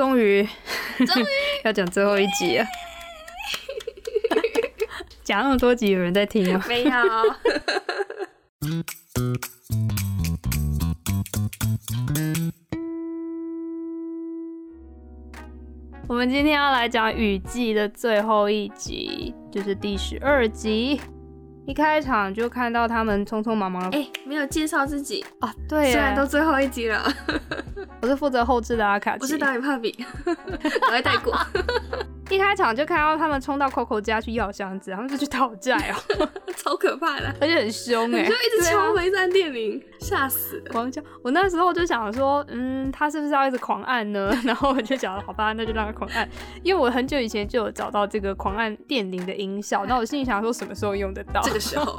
終於，終於 要講最後一集了。 講那麼多集，有人在聽嗎？沒有。 我們今天要來講雨季的最後一集，就是第十二集。一開場就看到他們匆匆忙忙的，欸、沒有介紹自己啊？對，雖然都最後一集了。 我是負責後製的阿卡奇，我是導演帕比， 我在代谷。 一開場就看到他們衝到 Coco 家去要箱子，然後就去討債哦，超可怕的，而且很凶哎、欸，就一直敲門站電鈴，嚇、啊、死！狂叫，我那時候就想說，嗯，他是不是要一直狂按呢？然後我就想說，好吧，那就讓他狂按，因為我很久以前就有找到這個狂按電鈴的音效，那我心裡想說，什麼時候用得到？這個時候，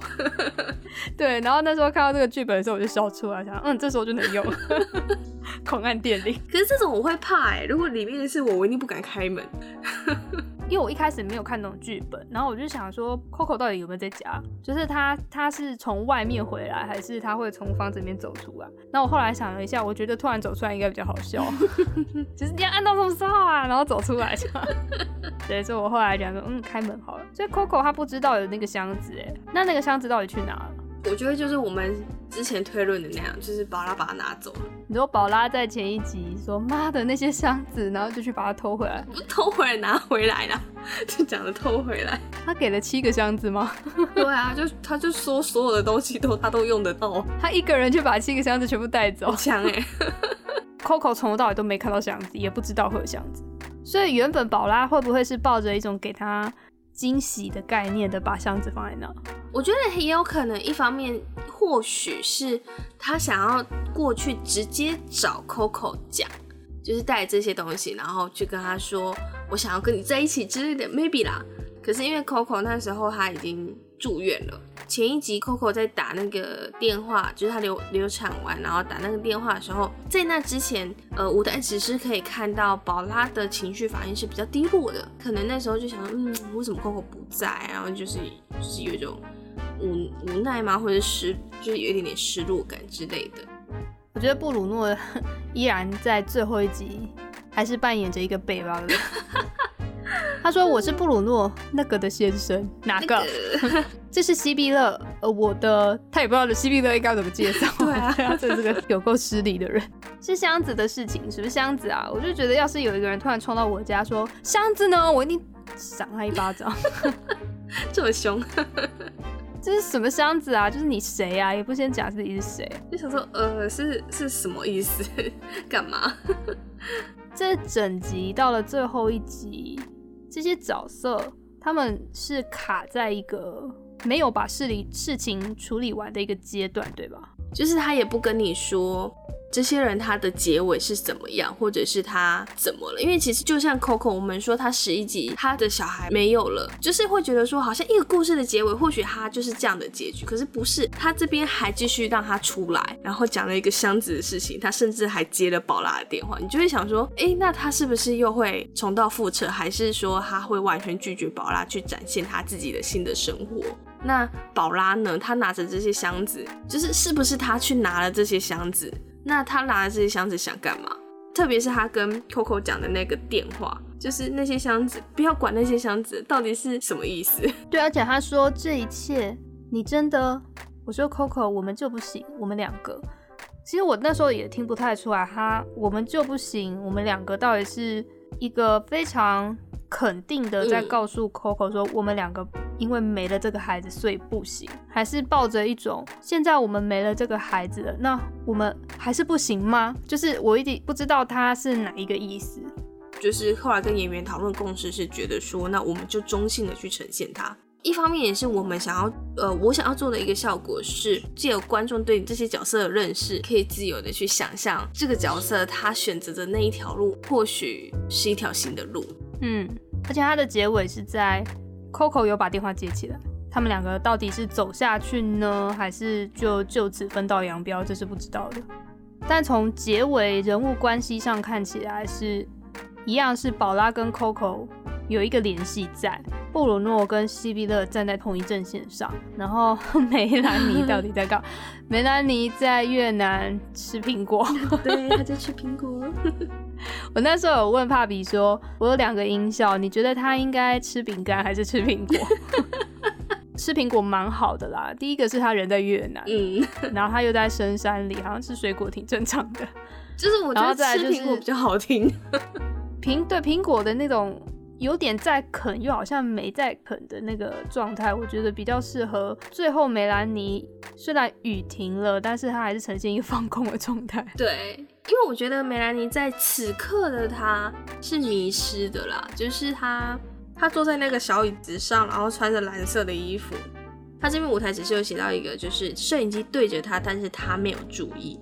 對，然後那時候看到這個劇本的時候，我就笑出來，想說，嗯，這時候就能用。 狂按電鈴，可是這種我會怕哎、欸，如果裡面是我，我一定不敢開門。 因為我一開始沒有看懂劇本，然後我就想說，Coco 到底有沒有在家？就是他他是從外面回來，還是他會從房子裡面走出來？那我後來想了一下，我覺得突然走出來應該比較好笑， 就是你要按到什麼時候啊，然後走出來。對，所以我後來講說，嗯，開門好了。所以 Coco 他不知道有那個箱子哎、欸，那那個箱子到底去哪了？我覺得就是我們之前推論的那樣，就是寶拉把他拿走了。你說寶拉在前一集說媽的那些箱子，然後就去把他偷回來，不偷回來拿回來啦？就講的偷回來。他給了七個箱子嗎？ 對啊，就他就說所有的東西都他都用得到。他一個人就把七個箱子全部帶走，強哎、欸。 Coco 從頭到尾都沒看到箱子，也不知道會有箱子。所以原本寶拉會不會是抱着一種給他？驚喜的概念的把箱子放在那，我覺得也有可能，一方面或許是他想要過去直接找 Coco 講，就是帶這些東西，然後去跟他說我想要跟你在一起之類的，maybe 啦。可是因為 Coco 那時候他已經住院了。前一集 Coco 在打那個電話，就是她流流產完，然後打那個電話的時候，在那之前，呃，舞台只是可以看到寶拉的情緒反應是比較低落的，可能那時候就想說嗯，為什麼 Coco 不在？然後就是就是有一種無無奈嗎，或者失就是有一點點失落感之類的。我覺得布魯諾依然在最後一集還是扮演着一個背包的 他說我是布魯諾那個的先生，嗯、哪個？那個？這是西碧樂，呃，我的他也不知道西碧樂應該怎麼介紹？對啊，對 這是個有夠失禮的人。 是箱子的事情，什麼箱子啊？我就覺得要是有一個人突然衝到我家說箱子呢，我一定賞他一巴掌， 這麼凶。 這是什麼箱子啊？就是你誰啊？也不先講自己是誰。就想說，呃，是是什麼意思？幹嘛？ 這整集到了最後一集。這些角色，他們是卡在一個沒有把事裡、事情處理完的一個階段，對吧？就是他也不跟你說。這些人他的結尾是怎麼樣，或者是他怎麼了？因為其實就像 Coco，我們說他十一集他的小孩沒有了，就是會覺得說好像一個故事的結尾，或許他就是這樣的結局。可是不是，他這邊還繼續讓他出來，然後講了一個箱子的事情，他甚至還接了寶拉的電話。你就會想說，哎，那他是不是又會重蹈覆轍，還是說他會完全拒絕寶拉去展現他自己的新的生活？那寶拉呢？他拿着這些箱子，就是是不是他去拿了這些箱子？那他拿着這些箱子想幹嘛？特別是他跟 Coco 講的那個電話，就是那些箱子，不要管那些箱子到底是什麼意思？對，而且他說這一切，你真的？我說 Coco，我們就不行，我們兩個。其實我那時候也聽不太出來，他我們就不行，我們兩個到底是一個非常肯定的在告訴 Coco、嗯、說我們兩個。因為沒了這個孩子，所以不行。還是抱着一種，現在我們沒了這個孩子了，那我們還是不行嗎？就是我一直不知道他是哪一個意思。就是後來跟演員討論共識，是覺得說，那我們就中性的去呈現他。一方面也是我們想要，呃，我想要做的一個效果是，借由觀眾對這些角色的認識，可以自由的去想象這個角色他選擇的那一條路，或許是一條新的路。嗯，而且它的結尾是在。Coco 有把電話接起來，他們兩個到底是走下去呢，還是就就此分道揚鑣，這是不知道的。但從結尾人物關係上看起來是一樣，是寶拉跟 Coco 有一個聯繫在，布魯諾跟西碧樂站在同一陣線上。然後梅蘭妮到底在幹嘛？梅 蘭妮在越南吃蘋果，對，她在吃蘋果。 我那時候有問帕比說：“我有兩個音效，你覺得他應該吃餅乾還是吃蘋果？ 吃蘋果蠻好的啦。第一個是他人在越南，嗯，然後他又在深山裡，好像吃水果挺正常的。就是我覺得吃蘋果比較好聽，蘋對蘋果的那種。”有點在啃，又好像沒在啃的那個狀態，我覺得比較適合最後梅蘭妮。雖然雨停了，但是她還是呈現一個放空的狀態。對，因為我覺得梅蘭妮在此刻的她是迷失的啦，就是她她坐在那個小椅子上，然後穿着藍色的衣服。她這邊舞台指示有寫到一個，就是攝影機對着她，但是她沒有注意。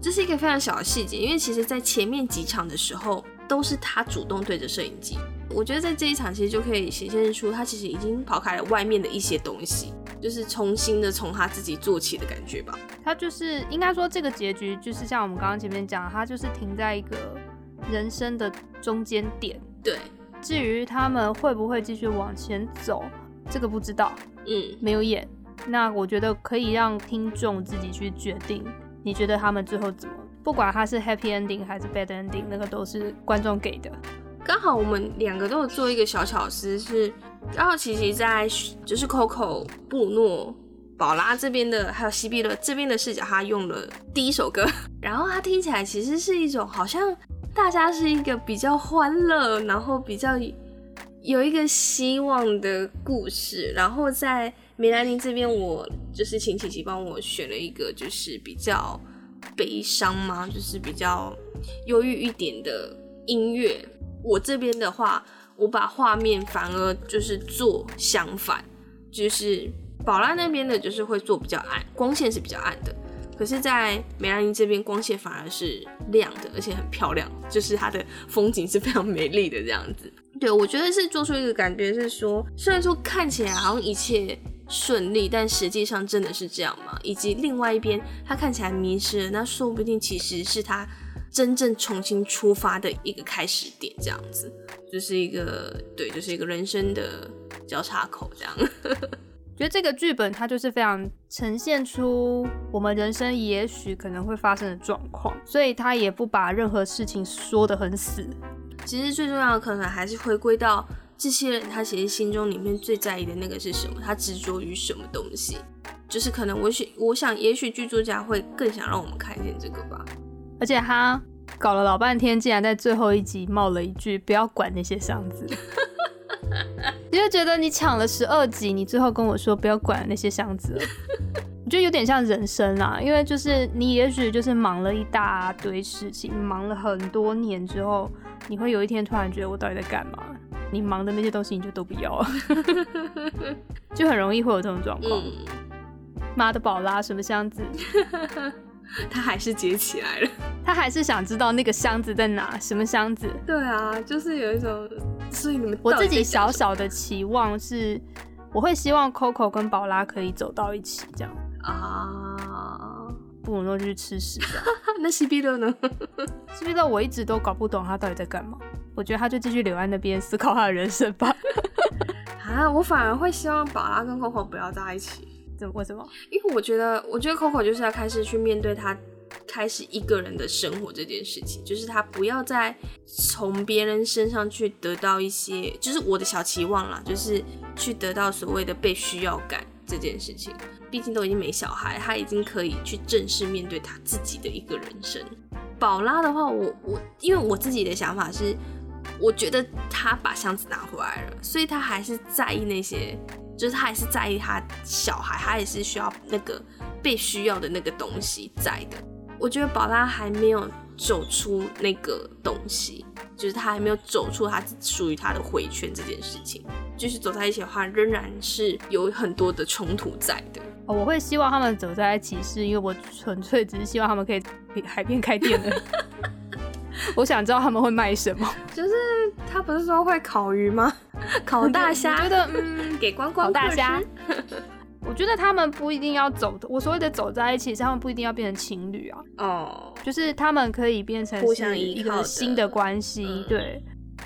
這是一個非常小的細節，因為其實在前面幾場的時候都是她主動對着攝影機。我覺得在這一場其實就可以顯現出他其實已經跑開了外面的一些東西，就是重新的從他自己做起的感覺吧。他就是應該說這個結局就是像我們剛剛前面講的，他就是停在一個人生的中間點。對，至於他們會不會繼續往前走，這個不知道，嗯，沒有演。那我覺得可以讓聽眾自己去決定，你覺得他們最後怎麼，不管他是 happy ending 還是 bad ending，那個都是觀眾給的。剛好我們兩個都有做一個小巧思，是然後琪琪在就是 Coco、布魯諾、寶拉這邊的，還有西碧樂這邊的視角，他用了第一首歌，然後他聽起來其實是一種好像大家是一個比較歡樂，然後比較有一個希望的故事。然後在梅蘭妮這邊我，我就是請琪琪幫我選了一個，就是比較悲傷嘛，就是比較憂鬱一點的音樂。我這邊的話，我把畫面反而就是做相反，就是寶拉那邊的就是會做比較暗，光線是比較暗的。可是，在梅蘭妮這邊光線反而是亮的，而且很漂亮，就是它的風景是非常美麗的這樣子。對，我覺得是做出一個感覺是說，雖然說看起來好像一切順利，但實際上真的是這樣嗎？以及另外一邊，他看起來迷失了。那說不定其實是他。真正重新出發的一個開始點，這樣子，就是一個對，就是一個人生的交叉口，這樣。 覺得這個劇本它就是非常呈現出我們人生也許可能會發生的狀況，所以它也不把任何事情說得很死。其實最重要的可能還是回歸到這些人，他其實心中裡面最在意的那個是什麼，他執着於什麼東西，就是可能我我想，也許劇作家會更想讓我們看見這個吧。而且他搞了老半天，竟然在最後一集冒了一句“不要管那些箱子”，你就覺得你搶了十二集，你最後跟我說“不要管那些箱子”，我覺得有點像人生啊，因為就是你也許就是忙了一大堆事情，忙了很多年之後，你會有一天突然覺得我到底在幹嘛？你忙的那些東西你就都不要了，就很容易會有這種狀況。媽的，寶拉什麼箱子？他還是接起來了，他還是想知道那個箱子在哪，什麼箱子？對啊，就是有一種，我自己小小的期望是，我會希望 Coco 跟寶拉可以走到一起，這樣啊，uh... 不能說就去吃屎吧。 那西碧樂呢？西碧樂我一直都搞不懂他到底在幹嘛，我覺得他就繼續留在那邊思考他的人生吧。 啊，我反而會希望寶拉跟 Coco 不要在一起。為什麼？因為我覺得，我覺得 Coco 就是要開始去面對他，開始一個人的生活這件事情，就是他不要再從別人身上去得到一些，就是我的小期望啦，就是去得到所謂的被需要感這件事情。畢竟都已經沒小孩，他已經可以去正式面對他自己的一個人生。寶拉的話，我我，因為我自己的想法是，我覺得他把箱子拿回來了，所以他還是在意那些。就是他也是在意他小孩，他也是需要那個被需要的那個東西在的。我覺得寶拉還沒有走出那個東西，就是他還沒有走出他屬於他的回圈這件事情。就是走在一起的話，仍然是有很多的衝突在的。哦，我會希望他們走在一起是，是因為我純粹只是希望他們可以海邊開店的。 我想知道他們會賣什麼？就是他不是說會烤魚嗎？烤大蝦，我覺得嗯，給光光烤大蝦， 我覺得他們不一定要走的。我所謂的走在一起，是他們不一定要變成情侶啊。哦。就是他們可以變成互相一個新的關係，嗯。對。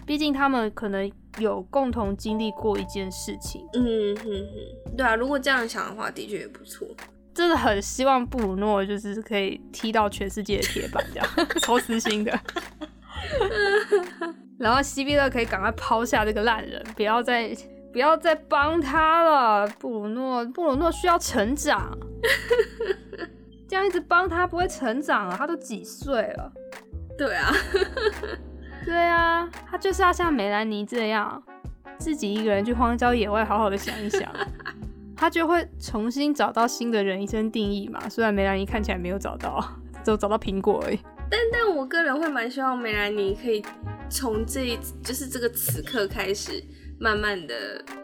畢竟他們可能有共同經歷過一件事情。嗯嗯，嗯對啊，如果這樣想的話，的確也不錯。真的很希望布魯諾就是可以踢到全世界的鐵板，這樣超私 心的。 嗯然後西碧樂可以趕快拋下這個爛人，不要再不要再幫他了。布魯諾，布魯諾需要成長，這樣一直幫他不會成長啊！他都幾歲了？對啊，對啊，他就是要像梅蘭妮這樣，自己一個人去荒郊野外好好的想一想，他就會重新找到新的人生定義嘛。雖然梅蘭妮看起來沒有找到，只有找到蘋果而已。但但我個人會蠻希望梅蘭妮可以從這一就是這個此刻開始，慢慢的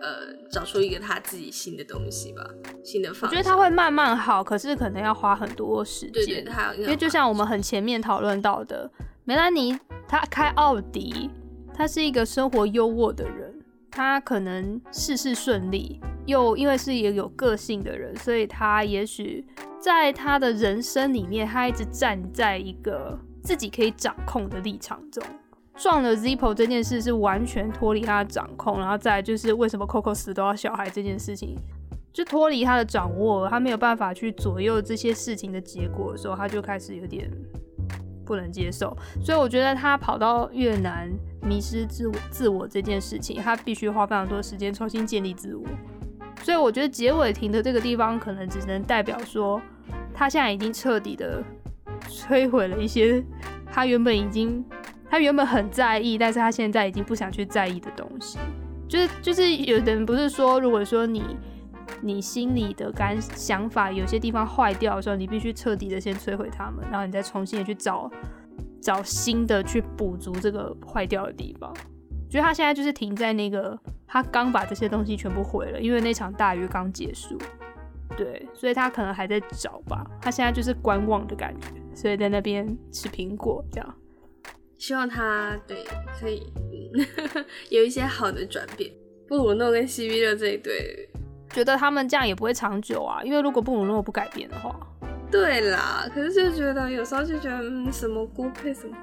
呃找出一個他自己新的東西吧，新的方向。我覺得他會慢慢好，可是可能要花很多時間。對對，因為就像我們很前面討論到的，梅蘭妮她開奧迪，他是一個生活優渥的人，他可能事事順利，又因為是一個有個性的人，所以他也許。在他的人生裡面，他一直站在一個自己可以掌控的立場中。撞了 Zippo 這件事是完全脫離他的掌控，然後再就是為什麼 Coco 死都要小孩這件事情，就脫離他的掌握。他沒有辦法去左右這些事情的結果的時候，他就開始有點不能接受。所以我覺得他跑到越南迷失自我，自我這件事情，他必須花非常多時間重新建立自我。所以我覺得結尾停的這個地方，可能只能代表說。他現在已經徹底的摧毀了一些他原本已經他原本很在意，但是他現在已經不想去在意的東西。就是就是有的人不是說，如果說你你心裡的感想法有些地方壞掉的時候，你必須徹底的先摧毀他們，然後你再重新的去找找新的去補足這個壞掉的地方。覺得他現在就是停在那個他剛把這些東西全部毀了，因為那場大雨剛結束。對，所以他可能還在找吧，他現在就是觀望的感覺，所以在那邊吃蘋果這樣。希望他對可以 有一些好的轉變。布魯諾跟西碧樂這一對，覺得他們這樣也不會長久啊，因為如果布魯諾不改變的話，對啦。可是就覺得有時候就覺得嗯，什麼鍋配什麼。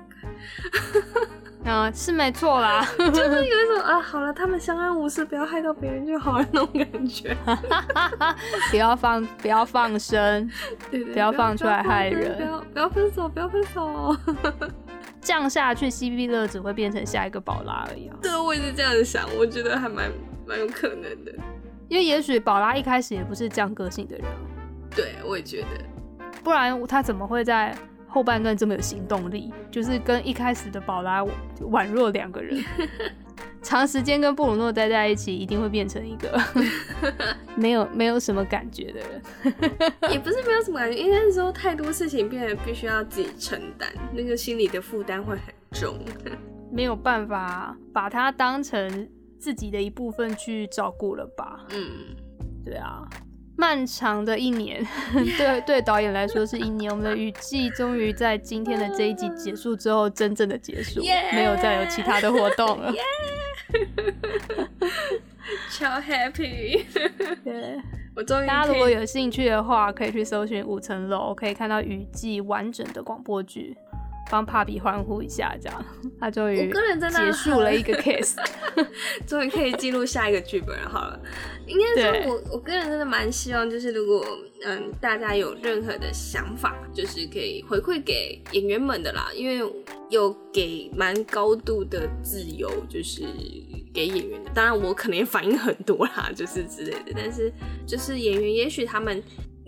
啊、 嗯，是沒錯啦， 就是有一種啊，好了，他們相安無事，不要害到別人就好了那種感覺。 不要放，不要放生，對，對，對，不要放出來害人不。不要，不要分手，不要分手，哦。這 樣下去，西碧樂只會變成下一個寶拉而已啊！對，我也是這樣子想，我覺得還蠻蠻有可能的，因為也許寶拉一開始也不是這樣個性的人。對，我也覺得，不然他怎麼會在？後半段這麼有行動力，就是跟一開始的寶拉宛若兩個人。長時間跟布魯諾待在一起，一定會變成一個 沒有沒有什麼感覺的人。也不是沒有什麼感覺，應該是說太多事情變得必須要自己承擔，那個心理的負擔會很重， 沒有辦法把它當成自己的一部分去照顧了吧？嗯，對啊。漫長的一年，yeah. 對，對導演來說是一年。我們的雨季終於在今天的這一集結束之後，真正的結束，yeah. 沒有再有其他的活動了。超、yeah. So happy！ yeah. 我終於大家如果有興趣的話，可以去搜尋五層樓，可以看到雨季完整的廣播劇。幫帕比歡呼一下，這樣他終於人結束了一個 case，終於可以進入下一個劇本了。好了，應該說我，我個人真的蠻 希望，就是如果嗯大家有任何的想法，就是可以回饋給演員們的啦，因為有給蠻高度的自由，就是給演員的。當然我可能也反應很多啦，就是之類的，但是就是演員，也許他們。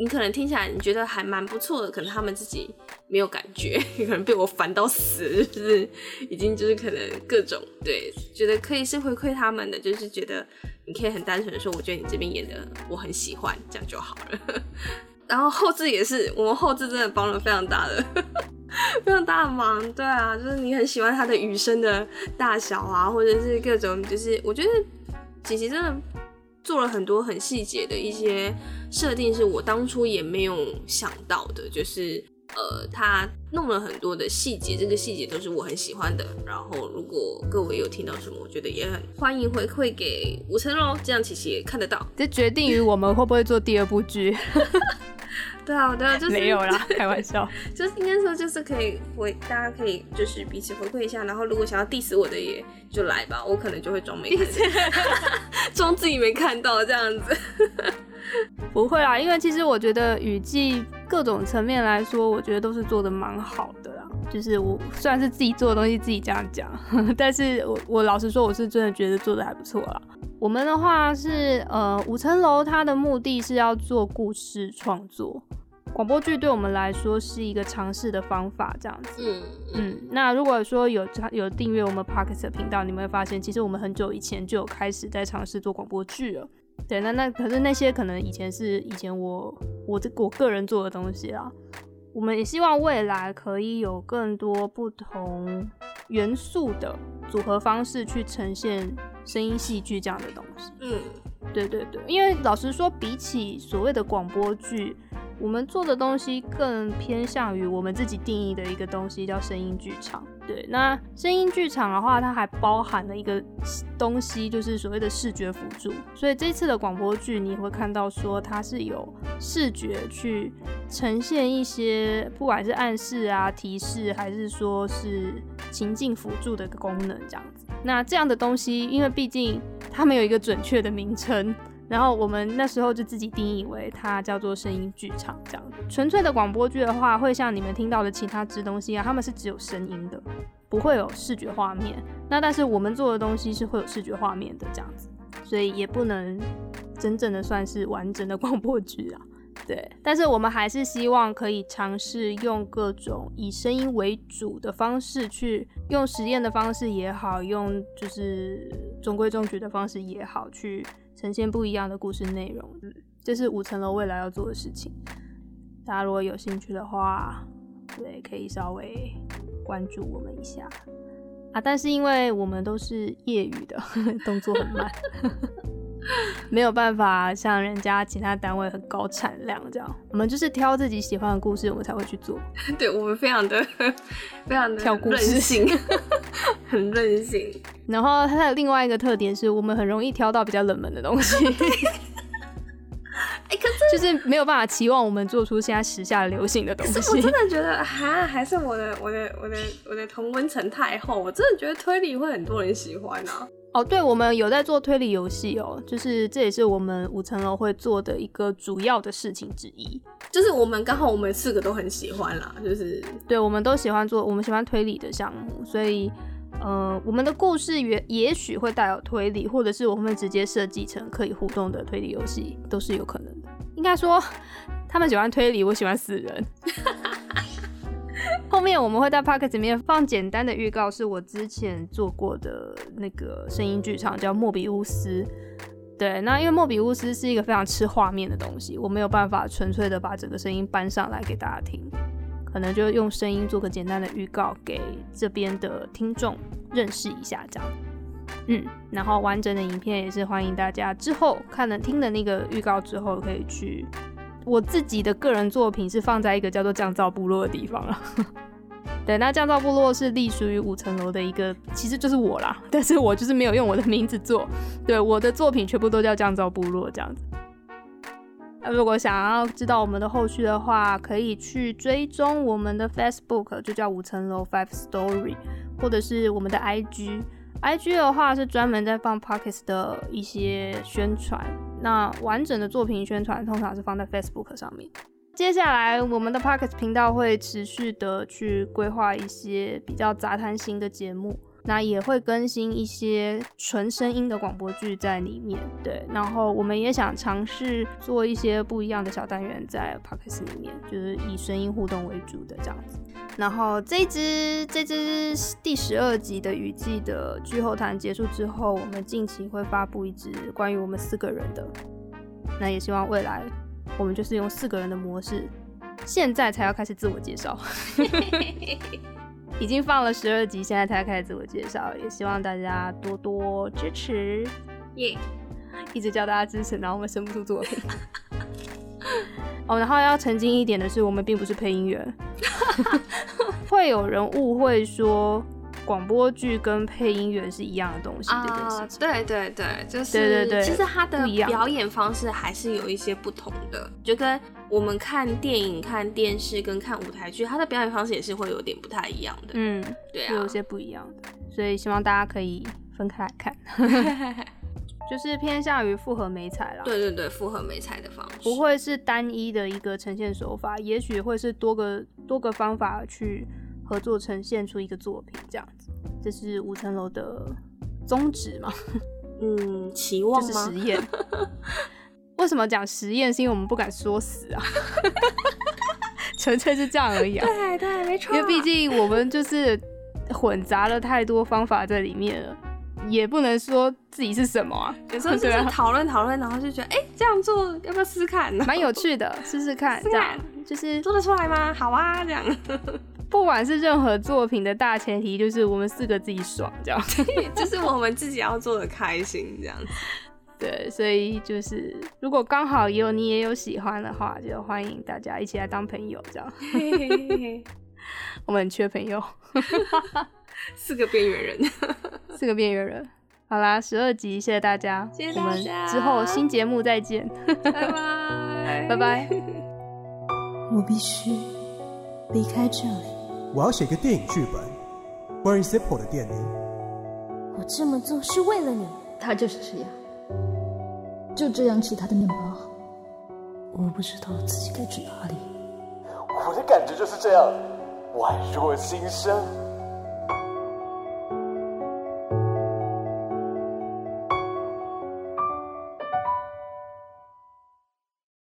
你可能聽起來你覺得還蠻不錯的，可能他們自己沒有感覺，你可能被我煩到死，就是已經就是可能各種對，覺得可以是回饋他們的，就是覺得你可以很單純的說，我覺得你這邊演的我很喜歡，這樣就好了。然後後製也是，我們後製真的幫了非常大的非常大的忙，對啊，就是你很喜歡他的雨聲的大小啊，或者是各種就是我覺得其實真的。做了很多很細節的一些設定，是我當初也沒有想到的，就是。呃，他弄了很多的細節，這個細節都是我很喜歡的。然後，如果各位有聽到什麼，我覺得也很歡迎回饋給吳成龍、這樣琪琪也看得到。這決定於我們會不會做第二部劇。 對啊，對啊，就是沒有啦，開玩笑。, 就是應該說，就是可以回，大家可以就是彼此回饋一下。然後，如果想要 diss 我的也，也就來吧，我可能就會裝沒看。 裝自己沒看到這樣子 不會啦，因為其實我覺得雨季。各種層面來說，我覺得都是做的蠻好的啦。就是我雖然是自己做的東西，自己這樣講，但是我我老實說，我是真的覺得做的還不錯啦。我們的話是，呃，五層樓它的目的是要做故事創作，廣播劇對我們來說是一個嘗試的方法，這樣子。嗯，嗯，那如果說有有訂閱我們 Podcast 的頻道，你們會發現，其實我們很久以前就有開始在嘗試做廣播劇了。對，那那可是那些可能以前是以前我我這我，我個人做的東西啊，我們也希望未來可以有更多不同元素的組合方式去呈現聲音戲劇這樣的東西。嗯，對對對，因為老實說，比起所謂的廣播劇。我們做的東西更偏向於我們自己定義的一個東西，叫聲音劇場。對，那聲音劇場的話，它還包含了一個東西，就是所謂的視覺輔助。所以這次的廣播劇，你會看到說它是有視覺去呈現一些，不管是暗示啊、提示，還是說是情境輔助的一個功能這樣子。那這樣的東西，因為畢竟它沒有一個準確的名稱。然後我們那時候就自己定義為它叫做聲音劇場這樣。純粹的廣播劇的話，會像你們聽到的其他之東西啊，他們是只有聲音的，不會有視覺畫面。那但是我們做的東西是會有視覺畫面的這樣子，所以也不能真正的算是完整的廣播劇啊。對，但是我們還是希望可以嘗試用各種以聲音為主的方式，去用實驗的方式也好，用就是中規中矩的方式也好，去。呈現不一樣的故事內容，這是，就是五層樓未來要做的事情。大家如果有興趣的話，對，可以稍微關注我們一下啊！但是因為我們都是業餘的呵呵，動作很慢， 沒有辦法像人家其他單位很高產量這樣。我們就是挑自己喜歡的故事，我們才會去做。對，我們非常的、非常的任性，挑故事 很任性。然後它有另外一個特點，是我們很容易挑到比較冷門的東西 對、 欸，就是沒有辦法期望我們做出現在時下流行的東西。我真的覺得哈，還是我的我的我的我的同溫層太厚，我真的覺得推理會很多人喜歡呢、啊。哦，對，我們有在做推理遊戲哦，就是這也是我們五層樓會做的一個主要的事情之一，就是我們剛好我們四個都很喜歡啦，就是對，我們都喜歡做，我們喜歡推理的項目，所以。呃，我們的故事也也許會帶有推理，或者是我們直接設計成可以互動的推理遊戲，都是有可能的。應該說，他們喜歡推理，我喜歡死人。 後面我們會在 podcast 裡面放簡單的預告，是我之前做過的那個聲音劇場，叫《莫比烏斯》。對，那因為《莫比烏斯》是一個非常吃畫面的東西，我沒有辦法純粹的把整個聲音搬上來給大家聽。可能就用聲音做個簡單的預告，給這邊的聽眾認識一下，這樣。嗯，然後完整的影片也是歡迎大家之後看了聽了那個預告之後，可以去。我自己的個人作品是放在一個叫做降噪部落的地方了。 對，那降噪部落是隸屬於五層樓的一個，其實就是我啦，但是我就是沒有用我的名字做，對，我的作品全部都叫降噪部落這樣子。那如果想要知道我們的後續的話，可以去追蹤我們的 Facebook，就叫五層樓 Five Story，或者是我們的 IG。IG 的話是專門在放 Podcast 的一些宣傳，那完整的作品宣傳通常是放在 Facebook 上面。接下來我們的 Podcast 頻道會持續的去規劃一些比較雜談型的節目。那也會更新一些純聲音的廣播劇在裡面，對。然後我們也想嘗試做一些不一樣的小單元在 podcast 裡面，就是以聲音互動為主的這樣子。然後這一支、這支第十二集的《雨季的劇後談》結束之後，我們近期會發布一支關於我們四個人的。那也希望未來我們就是用四個人的模式。現在才要開始自我介紹。 已經放了十二集，現在才開始自我介紹，也希望大家多多支持，耶、yeah.！一直叫大家支持，然後我們生不出作品。哦、 oh,，然後要澄清一點的是，我們並不是配音員， 會有人誤會說。廣播劇跟配音員是一樣的東西，啊，對對對，就是，對對對，其實他的表演方式還是有一些不同的，不一樣的，就跟我們看電影、看電視跟看舞台劇，他的表演方式也是會有點不太一樣的，嗯，對啊，有一些不一樣的，所以希望大家可以分開來看， 就是偏向於複合媒材啦，對對對，複合媒材的方式不會是單一的一個呈現手法，也許會是多個多個方法去。合作呈現出一個作品這樣子，這是五層樓的宗旨嘛？嗯，期望、就是實驗。 為什麼講實驗？是因為我們不敢說死啊。純 粹是這樣而已、啊。對對，沒錯。因為畢竟我們就是混雜了太多方法在裡面了，也不能說自己是什麼啊。有時候算是討論討論，然後就覺得哎、欸，這樣做要不要試試看？蠻有趣的，試試看，試看這樣。就是做得出來嗎？好啊，這樣。不管是任何作品的大前提，就是我們四個自己爽，這樣， 就是我們自己要做的開心，這樣對，所以就是如果剛好也有你也有喜歡的話，就歡迎大家一起來當朋友，這樣。Hey, hey, hey, hey. 我們缺朋友， 四個邊緣人， 四個邊緣人。 人 好啦，十二集，謝謝大家，謝謝大家，我們之後新節目再見，拜 拜，拜拜。 我必須離開這裡。我要寫個電影劇本，關於 Simple 的電影。我這麼做是為了你，他就是這樣，就這樣吃他的麵包。我不知道自己該去哪裡。我的感覺就是這樣，宛若新生。